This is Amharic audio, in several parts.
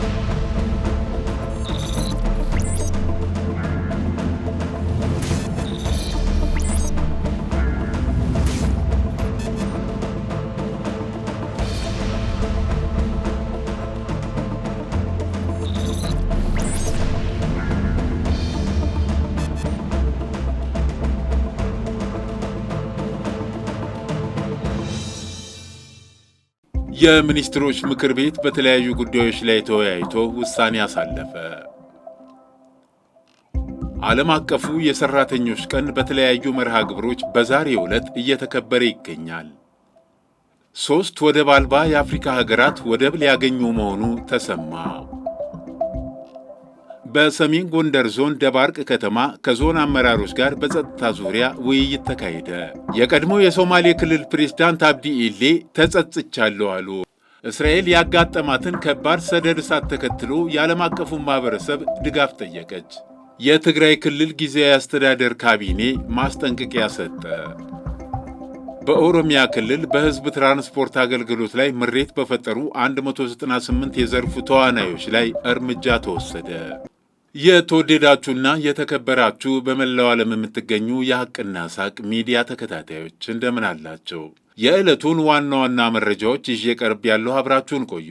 Thank you. የሚኒስትሮች ምክር ቤት በተለያዩ ጉዳዮች ላይ ተወያይቶ ውሳኔ አሳለፈ። ዓለም አቀፉ የሰራተኞች ቀን በተለያዩ መርሃ ግብሮች በዛሬ ዕለት እየተከበረ ይገኛል። ሦስት ወደብ አልባ የአፍሪካ ሀገራት ወደብ ሊያገኙ መሆኑ ተሰማ። በሰሜን ጎንደር ዞን ደባርቅ ከተማ ከዞን አመራሮች ጋር በጸጥታ ዙሪያ ውይይት ተካሄደ። የቀድሞ የሶማሌ ክልል ፕሬዝዳንት አብዲ ኢሌ ተጸጽቻለሁ አሉ። እስራኤል ያጋጠማትን ከባድ ሰደድ እሳት ተከትሎ የዓለም አቀፉ ማህበረሰብ ድጋፍ ጠየቀች። የትግራይ ክልል ጊዜያዊ አስተዳደር ካቢኔ ማስጠንቀቂያ ሰጠ። በኦሮሚያ ክልል በሕዝብ ትራንስፖርት አገልግሎት ላይ ምሬት በፈጠሩ 198 የዘርፉ ተዋናዮች ላይ እርምጃ ተወሰደ። የተወደዳችሁና የተከበራችሁ በመላው ዓለም የምትገኙ የሐቅና ሳቅ ሚዲያ ተከታታዮች እንደምን አላቸው? የዕለቱን ዋና ዋና መረጃዎች ይዤ ቀርብ ያለሁ አብራችሁን ቆዩ።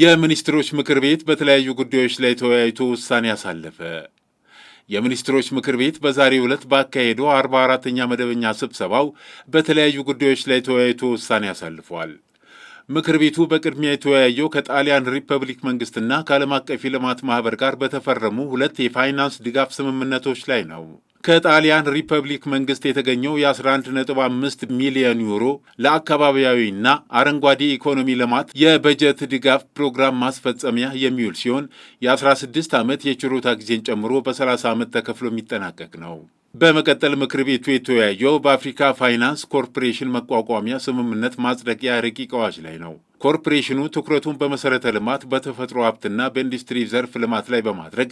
የሚኒስትሮች ምክር ቤት በተለያዩ ጉዳዮች ላይ ተወያይቶ ውሳኔ አሳለፈ። የሚኒስትሮች ምክር ቤት በዛሬው ዕለት ባካሄደው 44 አራተኛ መደበኛ ስብሰባው በተለያዩ ጉዳዮች ላይ ተወያይቶ ውሳኔ አሳልፏል። ምክር ቤቱ በቅድሚያ የተወያየው ከጣሊያን ሪፐብሊክ መንግስትና ከዓለም አቀፍ የልማት ማኅበር ጋር በተፈረሙ ሁለት የፋይናንስ ድጋፍ ስምምነቶች ላይ ነው። ከጣሊያን ሪፐብሊክ መንግስት የተገኘው የ11.5 ሚሊዮን ዩሮ ለአካባቢያዊና አረንጓዴ ኢኮኖሚ ልማት የበጀት ድጋፍ ፕሮግራም ማስፈጸሚያ የሚውል ሲሆን የ16 ዓመት የችሮታ ጊዜን ጨምሮ በ30 ዓመት ተከፍሎ የሚጠናቀቅ ነው። በመቀጠል ምክር ቤቱ የተወያየው በአፍሪካ ፋይናንስ ኮርፖሬሽን መቋቋሚያ ስምምነት ማጽደቂያ ረቂቅ አዋጅ ላይ ነው። ኮርፖሬሽኑ ትኩረቱን በመሠረተ ልማት በተፈጥሮ ሀብትና በኢንዱስትሪ ዘርፍ ልማት ላይ በማድረግ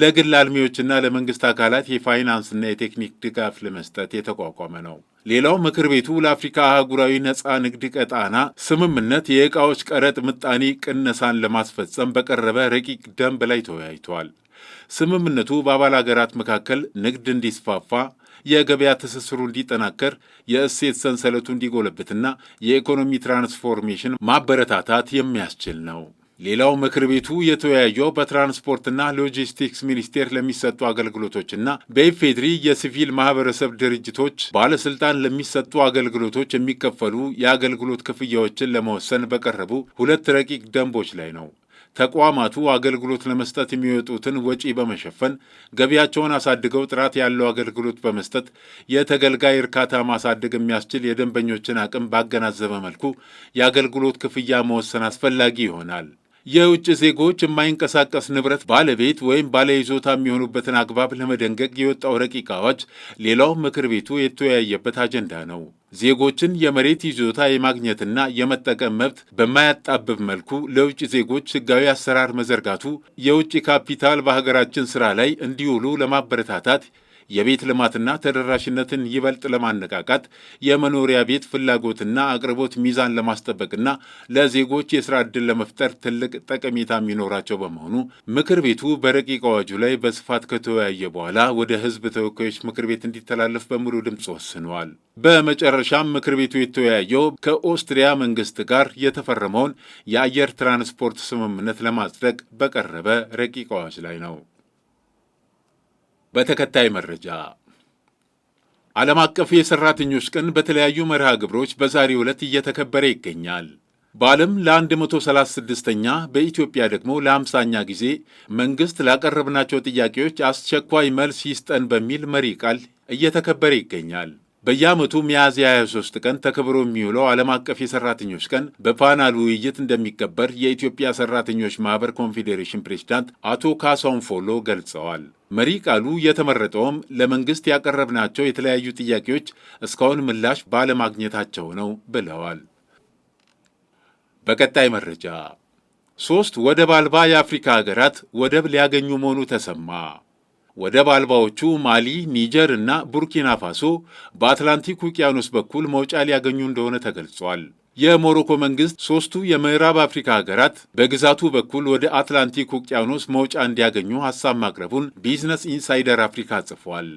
ለግል አልሚዎችና ለመንግስት አካላት የፋይናንስና የቴክኒክ ድጋፍ ለመስጠት የተቋቋመ ነው። ሌላው ምክር ቤቱ ለአፍሪካ አህጉራዊ ነፃ ንግድ ቀጣና ስምምነት የዕቃዎች ቀረጥ ምጣኔ ቅነሳን ለማስፈጸም በቀረበ ረቂቅ ደንብ ላይ ተወያይቷል። ስምምነቱ በአባል አገራት መካከል ንግድ እንዲስፋፋ የገበያ ትስስሩ እንዲጠናከር የእሴት ሰንሰለቱ እንዲጎለብትና የኢኮኖሚ ትራንስፎርሜሽን ማበረታታት የሚያስችል ነው። ሌላው ምክር ቤቱ የተወያየው በትራንስፖርትና ሎጂስቲክስ ሚኒስቴር ለሚሰጡ አገልግሎቶችና በኢፌድሪ የሲቪል ማህበረሰብ ድርጅቶች ባለስልጣን ለሚሰጡ አገልግሎቶች የሚከፈሉ የአገልግሎት ክፍያዎችን ለመወሰን በቀረቡ ሁለት ረቂቅ ደንቦች ላይ ነው። ተቋማቱ አገልግሎት ለመስጠት የሚወጡትን ወጪ በመሸፈን ገቢያቸውን አሳድገው ጥራት ያለው አገልግሎት በመስጠት የተገልጋይ እርካታ ማሳደግ የሚያስችል የደንበኞችን አቅም ባገናዘበ መልኩ የአገልግሎት ክፍያ መወሰን አስፈላጊ ይሆናል። የውጭ ዜጎች የማይንቀሳቀስ ንብረት ባለቤት ወይም ባለይዞታ የሚሆኑበትን አግባብ ለመደንገግ የወጣው ረቂቅ አዋጅ ሌላው ምክር ቤቱ የተወያየበት አጀንዳ ነው። ዜጎችን የመሬት ይዞታ የማግኘትና የመጠቀም መብት በማያጣብብ መልኩ ለውጭ ዜጎች ሕጋዊ አሰራር መዘርጋቱ የውጭ ካፒታል በሀገራችን ስራ ላይ እንዲውሉ ለማበረታታት የቤት ልማትና ተደራሽነትን ይበልጥ ለማነቃቃት የመኖሪያ ቤት ፍላጎትና አቅርቦት ሚዛን ለማስጠበቅና ለዜጎች የስራ ዕድል ለመፍጠር ትልቅ ጠቀሜታ የሚኖራቸው በመሆኑ ምክር ቤቱ በረቂቅ አዋጁ ላይ በስፋት ከተወያየ በኋላ ወደ ህዝብ ተወካዮች ምክር ቤት እንዲተላለፍ በሙሉ ድምፅ ወስነዋል። በመጨረሻም ምክር ቤቱ የተወያየው ከኦስትሪያ መንግስት ጋር የተፈረመውን የአየር ትራንስፖርት ስምምነት ለማጽደቅ በቀረበ ረቂቅ አዋጅ ላይ ነው። በተከታይ መረጃ ዓለም አቀፍ የሠራተኞች ቀን በተለያዩ መርሃ ግብሮች በዛሬ ዕለት እየተከበረ ይገኛል። በዓለም ለ136ኛ በኢትዮጵያ ደግሞ ለ50ኛ ጊዜ መንግሥት ላቀረብናቸው ጥያቄዎች አስቸኳይ መልስ ይስጠን በሚል መሪ ቃል እየተከበረ ይገኛል። በየዓመቱ ሚያዝያ 23 ቀን ተከብሮ የሚውለው ዓለም አቀፍ የሠራተኞች ቀን በፓናል ውይይት እንደሚከበር የኢትዮጵያ ሠራተኞች ማኅበር ኮንፌዴሬሽን ፕሬዚዳንት አቶ ካሳሁን ፎሎ ገልጸዋል። መሪ ቃሉ የተመረጠውም ለመንግስት ያቀረብናቸው የተለያዩ ጥያቄዎች እስካሁን ምላሽ ባለማግኘታቸው ነው ብለዋል። በቀጣይ መረጃ ሦስት ወደብ አልባ የአፍሪካ ሀገራት ወደብ ሊያገኙ መሆኑ ተሰማ። ወደብ አልባዎቹ ማሊ፣ ኒጀር እና ቡርኪና ፋሶ በአትላንቲክ ውቅያኖስ በኩል መውጫ ሊያገኙ እንደሆነ ተገልጿል። የሞሮኮ መንግስት ሶስቱ የምዕራብ አፍሪካ ሀገራት በግዛቱ በኩል ወደ አትላንቲክ ውቅያኖስ መውጫ እንዲያገኙ ሀሳብ ማቅረቡን ቢዝነስ ኢንሳይደር አፍሪካ ጽፏል።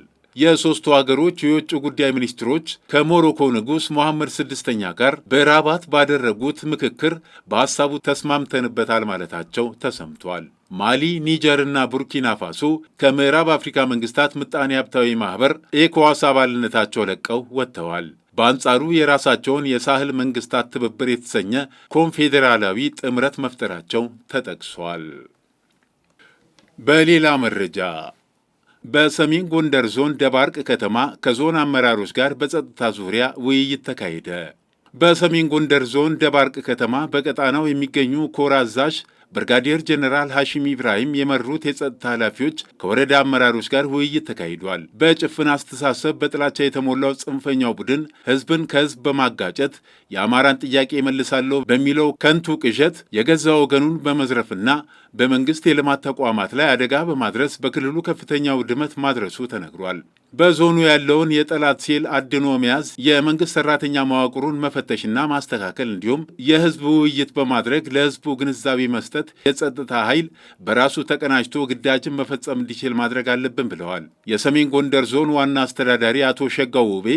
የሶስቱ አገሮች የውጭ ጉዳይ ሚኒስትሮች ከሞሮኮ ንጉሥ መሐመድ ስድስተኛ ጋር በራባት ባደረጉት ምክክር በሐሳቡ ተስማምተንበታል ማለታቸው ተሰምቷል። ማሊ፣ ኒጀር ቡርኪና ፋሶ ከምዕራብ አፍሪካ መንግስታት ምጣኔ ሀብታዊ ማኅበር ኤኮዋስ አባልነታቸው ለቀው ወጥተዋል። በአንጻሩ የራሳቸውን የሳህል መንግስታት ትብብር የተሰኘ ኮንፌዴራላዊ ጥምረት መፍጠራቸው ተጠቅሷል። በሌላ መረጃ በሰሜን ጎንደር ዞን ደባርቅ ከተማ ከዞን አመራሮች ጋር በጸጥታ ዙሪያ ውይይት ተካሄደ። በሰሜን ጎንደር ዞን ደባርቅ ከተማ በቀጣናው የሚገኙ ኮር አዛዥ ብርጋዴር ጀኔራል ሐሺም ኢብራሂም የመሩት የጸጥታ ኃላፊዎች ከወረዳ አመራሮች ጋር ውይይት ተካሂዷል። በጭፍን አስተሳሰብ በጥላቻ የተሞላው ጽንፈኛው ቡድን ህዝብን ከህዝብ በማጋጨት የአማራን ጥያቄ መልሳለሁ በሚለው ከንቱ ቅዠት የገዛ ወገኑን በመዝረፍና በመንግስት የልማት ተቋማት ላይ አደጋ በማድረስ በክልሉ ከፍተኛ ውድመት ማድረሱ ተነግሯል። በዞኑ ያለውን የጠላት ሴል አድኖ መያዝ፣ የመንግስት ሰራተኛ መዋቅሩን መፈተሽና ማስተካከል እንዲሁም የህዝብ ውይይት በማድረግ ለህዝቡ ግንዛቤ መስጠት በመስጠት የጸጥታ ኃይል በራሱ ተቀናጅቶ ግዳጅን መፈጸም እንዲችል ማድረግ አለብን ብለዋል። የሰሜን ጎንደር ዞን ዋና አስተዳዳሪ አቶ ሸጋው ውቤ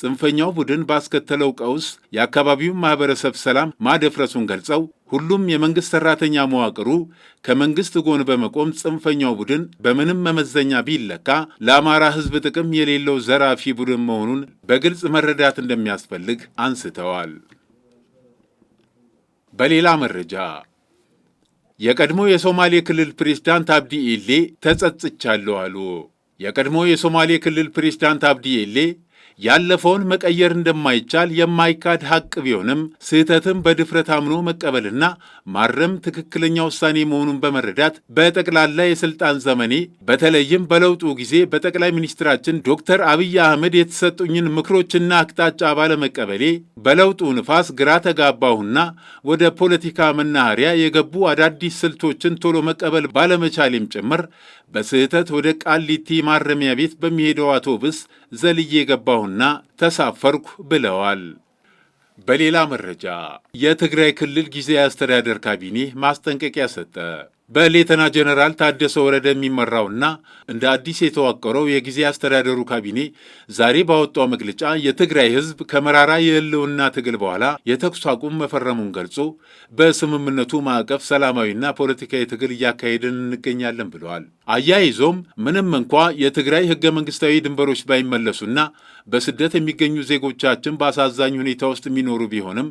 ጽንፈኛው ቡድን ባስከተለው ቀውስ የአካባቢውን ማህበረሰብ ሰላም ማደፍረሱን ገልጸው ሁሉም የመንግሥት ሠራተኛ መዋቅሩ ከመንግሥት ጎን በመቆም ጽንፈኛው ቡድን በምንም መመዘኛ ቢለካ ለአማራ ሕዝብ ጥቅም የሌለው ዘራፊ ቡድን መሆኑን በግልጽ መረዳት እንደሚያስፈልግ አንስተዋል። በሌላ መረጃ የቀድሞ የሶማሌ ክልል ፕሬዝዳንት አብዲ ኢሌ ተጸጽቻለሁ አሉ። የቀድሞ የሶማሌ ክልል ፕሬዝዳንት አብዲ ኢሌ ያለፈውን መቀየር እንደማይቻል የማይካድ ሐቅ ቢሆንም ስህተትን በድፍረት አምኖ መቀበልና ማረም ትክክለኛ ውሳኔ መሆኑን በመረዳት በጠቅላላ የስልጣን ዘመኔ በተለይም በለውጡ ጊዜ በጠቅላይ ሚኒስትራችን ዶክተር አብይ አህመድ የተሰጡኝን ምክሮችና አቅጣጫ ባለመቀበሌ በለውጡ ንፋስ ግራ ተጋባሁና ወደ ፖለቲካ መናኸሪያ የገቡ አዳዲስ ስልቶችን ቶሎ መቀበል ባለመቻሌም ጭምር በስህተት ወደ ቃሊቲ ማረሚያ ቤት በሚሄደው አውቶብስ ዘልዬ ገባሁ። ተረዳሁና ተሳፈርኩ ብለዋል። በሌላ መረጃ የትግራይ ክልል ጊዜያዊ አስተዳደር ካቢኔ ማስጠንቀቂያ ሰጠ። በሌተና ጀነራል ታደሰ ወረደ የሚመራውና እንደ አዲስ የተዋቀረው የጊዜ አስተዳደሩ ካቢኔ ዛሬ ባወጣው መግለጫ የትግራይ ሕዝብ ከመራራ የህልውና ትግል በኋላ የተኩስ አቁም መፈረሙን ገልጾ በስምምነቱ ማዕቀፍ ሰላማዊና ፖለቲካዊ ትግል እያካሄድን እንገኛለን ብለዋል። አያይዞም ምንም እንኳ የትግራይ ህገ መንግስታዊ ድንበሮች ባይመለሱና በስደት የሚገኙ ዜጎቻችን በአሳዛኝ ሁኔታ ውስጥ የሚኖሩ ቢሆንም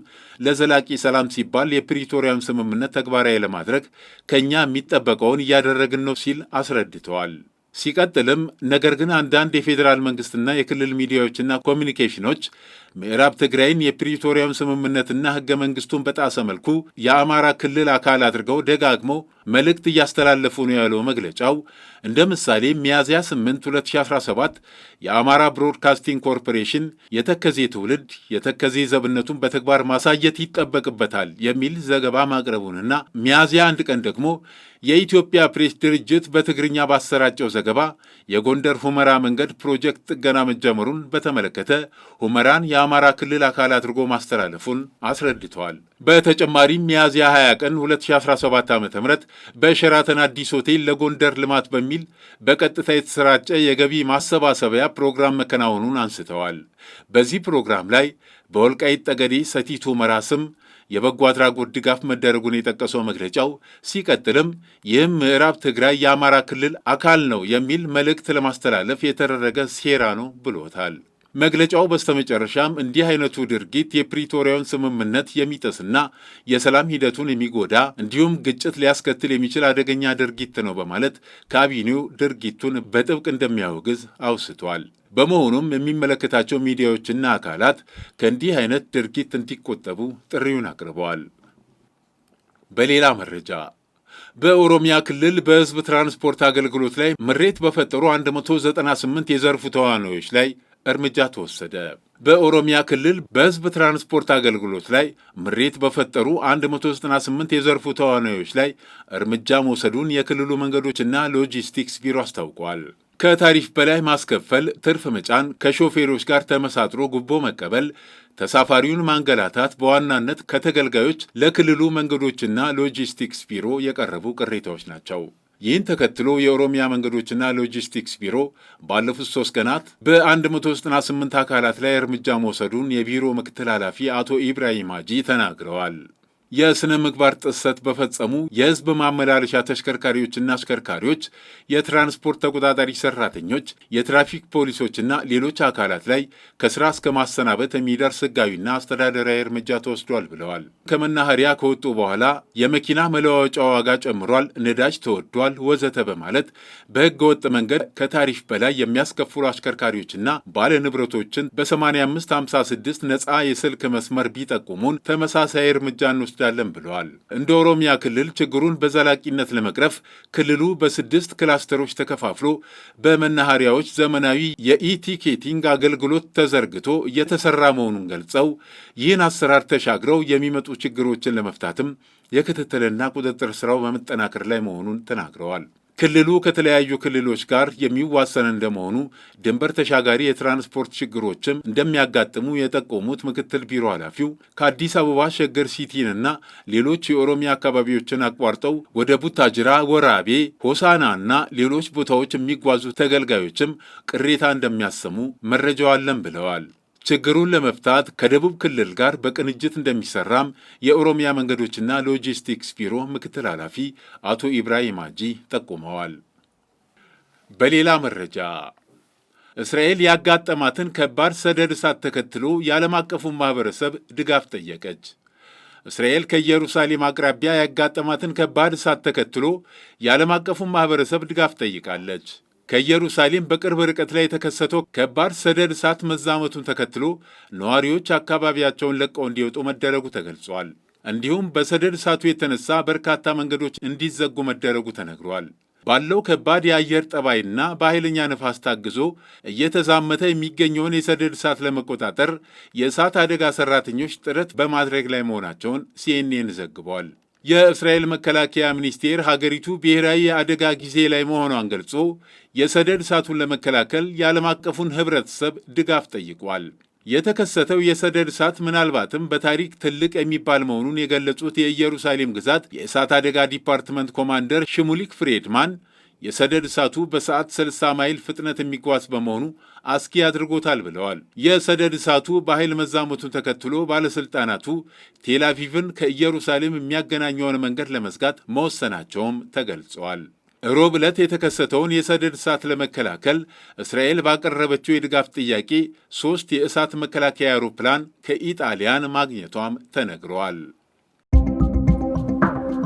ለዘላቂ ሰላም ሲባል የፕሪቶሪያም ስምምነት ተግባራዊ ለማድረግ ከእኛ የሚጠበቀውን እያደረግን ነው ሲል አስረድተዋል። ሲቀጥልም ነገር ግን አንዳንድ የፌዴራል መንግስትና የክልል ሚዲያዎችና ኮሚኒኬሽኖች ምዕራብ ትግራይን የፕሪቶሪያም ስምምነትና ህገ መንግስቱን በጣሰ መልኩ የአማራ ክልል አካል አድርገው ደጋግመው መልእክት እያስተላለፉ ነው ያለው መግለጫው እንደ ምሳሌ ሚያዝያ 8 2017 የአማራ ብሮድካስቲንግ ኮርፖሬሽን የተከዜ ትውልድ የተከዜ ዘብነቱን በተግባር ማሳየት ይጠበቅበታል የሚል ዘገባ ማቅረቡንና ሚያዝያ አንድ ቀን ደግሞ የኢትዮጵያ ፕሬስ ድርጅት በትግርኛ ባሰራጨው ዘገባ የጎንደር ሁመራ መንገድ ፕሮጀክት ጥገና መጀመሩን በተመለከተ ሁመራን የአማራ ክልል አካል አድርጎ ማስተላለፉን አስረድተዋል። በተጨማሪም ሚያዝያ 20 ቀን 2017 ዓ ም በሸራተን አዲስ ሆቴል ለጎንደር ልማት በሚል በቀጥታ የተሰራጨ የገቢ ማሰባሰቢያ ፕሮግራም መከናወኑን አንስተዋል። በዚህ ፕሮግራም ላይ በወልቃይት ጠገዴ ሰቲት ሁመራ ስም የበጎ አድራጎት ድጋፍ መደረጉን የጠቀሰው መግለጫው ሲቀጥልም ይህም ምዕራብ ትግራይ የአማራ ክልል አካል ነው የሚል መልእክት ለማስተላለፍ የተደረገ ሴራ ነው ብሎታል። መግለጫው በስተመጨረሻም እንዲህ አይነቱ ድርጊት የፕሪቶሪያውን ስምምነት የሚጥስና የሰላም ሂደቱን የሚጎዳ እንዲሁም ግጭት ሊያስከትል የሚችል አደገኛ ድርጊት ነው በማለት ካቢኔው ድርጊቱን በጥብቅ እንደሚያወግዝ አውስቷል። በመሆኑም የሚመለከታቸው ሚዲያዎችና አካላት ከእንዲህ አይነት ድርጊት እንዲቆጠቡ ጥሪውን አቅርበዋል። በሌላ መረጃ በኦሮሚያ ክልል በሕዝብ ትራንስፖርት አገልግሎት ላይ ምሬት በፈጠሩ 198 የዘርፉ ተዋናዮች ላይ እርምጃ ተወሰደ። በኦሮሚያ ክልል በሕዝብ ትራንስፖርት አገልግሎት ላይ ምሬት በፈጠሩ 198 የዘርፉ ተዋናዮች ላይ እርምጃ መውሰዱን የክልሉ መንገዶችና ሎጂስቲክስ ቢሮ አስታውቋል። ከታሪፍ በላይ ማስከፈል፣ ትርፍ መጫን፣ ከሾፌሮች ጋር ተመሳጥሮ ጉቦ መቀበል፣ ተሳፋሪውን ማንገላታት በዋናነት ከተገልጋዮች ለክልሉ መንገዶችና ሎጂስቲክስ ቢሮ የቀረቡ ቅሬታዎች ናቸው። ይህን ተከትሎ የኦሮሚያ መንገዶችና ሎጂስቲክስ ቢሮ ባለፉት ሶስት ቀናት በ198 አካላት ላይ እርምጃ መውሰዱን የቢሮ ምክትል ኃላፊ አቶ ኢብራሂም ሀጂ ተናግረዋል። የሥነ ምግባር ጥሰት በፈጸሙ የሕዝብ ማመላለሻ ተሽከርካሪዎችና አሽከርካሪዎች፣ የትራንስፖርት ተቆጣጣሪ ሰራተኞች፣ የትራፊክ ፖሊሶችና ሌሎች አካላት ላይ ከስራ እስከ ማሰናበት የሚደርስ ሕጋዊና አስተዳደራዊ እርምጃ ተወስዷል ብለዋል። ከመናኸሪያ ከወጡ በኋላ የመኪና መለዋወጫ ዋጋ ጨምሯል፣ ነዳጅ ተወዷል፣ ወዘተ በማለት በሕገ ወጥ መንገድ ከታሪፍ በላይ የሚያስከፍሉ አሽከርካሪዎችና ባለንብረቶችን በ8556 ነፃ የስልክ መስመር ቢጠቁሙን ተመሳሳይ እርምጃ እንወስድ እንወስዳለን ብለዋል። እንደ ኦሮሚያ ክልል ችግሩን በዘላቂነት ለመቅረፍ ክልሉ በስድስት ክላስተሮች ተከፋፍሎ በመናኸሪያዎች ዘመናዊ የኢቲኬቲንግ አገልግሎት ተዘርግቶ እየተሰራ መሆኑን ገልጸው ይህን አሰራር ተሻግረው የሚመጡ ችግሮችን ለመፍታትም የክትትልና ቁጥጥር ስራው በመጠናከር ላይ መሆኑን ተናግረዋል። ክልሉ ከተለያዩ ክልሎች ጋር የሚዋሰን እንደመሆኑ ድንበር ተሻጋሪ የትራንስፖርት ችግሮችም እንደሚያጋጥሙ የጠቆሙት ምክትል ቢሮ ኃላፊው ከአዲስ አበባ ሸገር ሲቲንና ሌሎች የኦሮሚያ አካባቢዎችን አቋርጠው ወደ ቡታጅራ፣ ወራቤ፣ ሆሳናና ሌሎች ቦታዎች የሚጓዙ ተገልጋዮችም ቅሬታ እንደሚያሰሙ መረጃው አለን ብለዋል። ችግሩን ለመፍታት ከደቡብ ክልል ጋር በቅንጅት እንደሚሰራም የኦሮሚያ መንገዶችና ሎጂስቲክስ ቢሮ ምክትል ኃላፊ አቶ ኢብራሂም አጂ ጠቁመዋል። በሌላ መረጃ እስራኤል ያጋጠማትን ከባድ ሰደድ እሳት ተከትሎ የዓለም አቀፉ ማኅበረሰብ ድጋፍ ጠየቀች። እስራኤል ከኢየሩሳሌም አቅራቢያ ያጋጠማትን ከባድ እሳት ተከትሎ የዓለም አቀፉን ማኅበረሰብ ድጋፍ ጠይቃለች። ከኢየሩሳሌም በቅርብ ርቀት ላይ የተከሰተው ከባድ ሰደድ እሳት መዛመቱን ተከትሎ ነዋሪዎች አካባቢያቸውን ለቀው እንዲወጡ መደረጉ ተገልጿል። እንዲሁም በሰደድ እሳቱ የተነሳ በርካታ መንገዶች እንዲዘጉ መደረጉ ተነግሯል። ባለው ከባድ የአየር ጠባይና በኃይለኛ ነፋስ ታግዞ እየተዛመተ የሚገኘውን የሰደድ እሳት ለመቆጣጠር የእሳት አደጋ ሰራተኞች ጥረት በማድረግ ላይ መሆናቸውን ሲኤንኤን ዘግቧል። የእስራኤል መከላከያ ሚኒስቴር ሀገሪቱ ብሔራዊ የአደጋ ጊዜ ላይ መሆኗን ገልጾ የሰደድ እሳቱን ለመከላከል የዓለም አቀፉን ህብረተሰብ ድጋፍ ጠይቋል። የተከሰተው የሰደድ እሳት ምናልባትም በታሪክ ትልቅ የሚባል መሆኑን የገለጹት የኢየሩሳሌም ግዛት የእሳት አደጋ ዲፓርትመንት ኮማንደር ሽሙሊክ ፍሬድማን የሰደድ እሳቱ በሰዓት 60 ማይል ፍጥነት የሚጓዝ በመሆኑ አስኪ አድርጎታል ብለዋል። የሰደድ እሳቱ በኃይል መዛመቱን ተከትሎ ባለሥልጣናቱ ቴላቪቭን ከኢየሩሳሌም የሚያገናኘውን መንገድ ለመዝጋት መወሰናቸውም ተገልጸዋል። ሮብ ዕለት የተከሰተውን የሰደድ እሳት ለመከላከል እስራኤል ባቀረበችው የድጋፍ ጥያቄ ሦስት የእሳት መከላከያ አውሮፕላን ከኢጣሊያን ማግኘቷም ተነግረዋል።